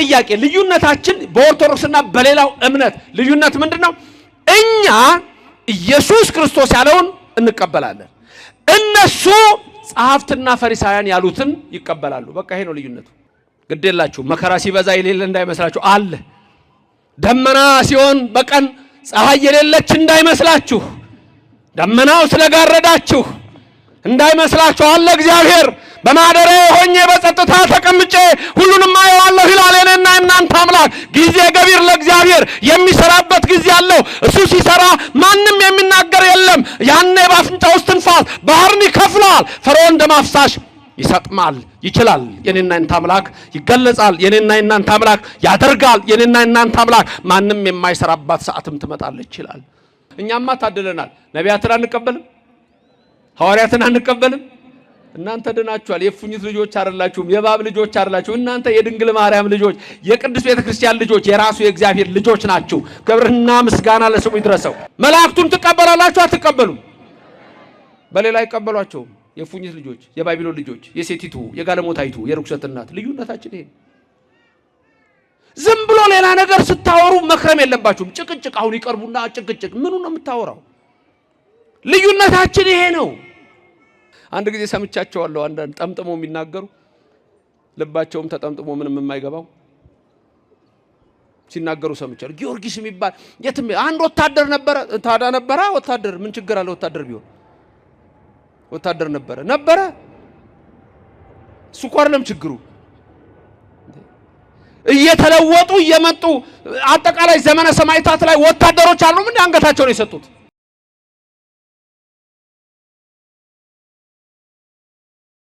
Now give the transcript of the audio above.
ጥያቄ ልዩነታችን በኦርቶዶክስና በሌላው እምነት ልዩነት ምንድን ነው? እኛ ኢየሱስ ክርስቶስ ያለውን እንቀበላለን። እነሱ ጸሐፍትና ፈሪሳውያን ያሉትን ይቀበላሉ። በቃ ይሄ ነው ልዩነቱ። ግዴላችሁ መከራ ሲበዛ የሌለ እንዳይመስላችሁ አለ። ደመና ሲሆን በቀን ፀሐይ የሌለች እንዳይመስላችሁ፣ ደመናው ስለጋረዳችሁ እንዳይመስላችሁ አለ። እግዚአብሔር በማደሪያ ሆኜ በጸጥታ ተቀምጬ ሁሉንም አየዋለሁ ይሰራል። ጊዜ ገቢር ለእግዚአብሔር የሚሰራበት ጊዜ አለው። እሱ ሲሰራ ማንም የሚናገር የለም። ያኔ በአፍንጫው ውስጥ ትንፋስ ባህርን ይከፍላል። ፈርዖን ደም አፍሳሽ ይሰጥማል ይችላል። የኔና እናንተ አምላክ ይገለጻል። የኔና እናንተ አምላክ ያደርጋል። የኔና እናንታ አምላክ ማንም የማይሰራባት ሰዓትም ትመጣለች ይችላል። እኛማ ታድለናል። ነቢያትን አንቀበልም፣ ሐዋርያትን አንቀበልም እናንተ ድናችኋል። የእፉኝት ልጆች አይደላችሁም፣ የባብ ልጆች አይደላችሁ። እናንተ የድንግል ማርያም ልጆች፣ የቅዱስ ቤተ ክርስቲያን ልጆች፣ የራሱ የእግዚአብሔር ልጆች ናችሁ። ክብርና ምስጋና ለስሙ ይድረሰው። መላእክቱን ትቀበላላችሁ አትቀበሉም? በሌላ አይቀበሏቸውም። የእፉኝት ልጆች፣ የባቢሎን ልጆች፣ የሴቲቱ፣ የጋለሞታይቱ፣ የርኩሰት እናት ልዩነታችን ይሄ። ዝም ብሎ ሌላ ነገር ስታወሩ መክረም የለባችሁም። ጭቅጭቅ አሁን ይቀርቡና ጭቅጭቅ ምኑ ነው የምታወራው? ልዩነታችን ይሄ ነው። አንድ ጊዜ ሰምቻቸዋለሁ። አንዳንድ ጠምጥሞ የሚናገሩ ልባቸውም ተጠምጥሞ ምንም የማይገባው ሲናገሩ ሰምቻለሁ። ጊዮርጊስ የሚባል የትም አንድ ወታደር ነበረ። ታዳ ነበረ ወታደር፣ ምን ችግር አለ? ወታደር ቢሆን ወታደር ነበረ ነበረ። ስኳር ለም ችግሩ እየተለወጡ እየመጡ አጠቃላይ ዘመነ ሰማይታት ላይ ወታደሮች አሉ። ምን አንገታቸው ነው የሰጡት?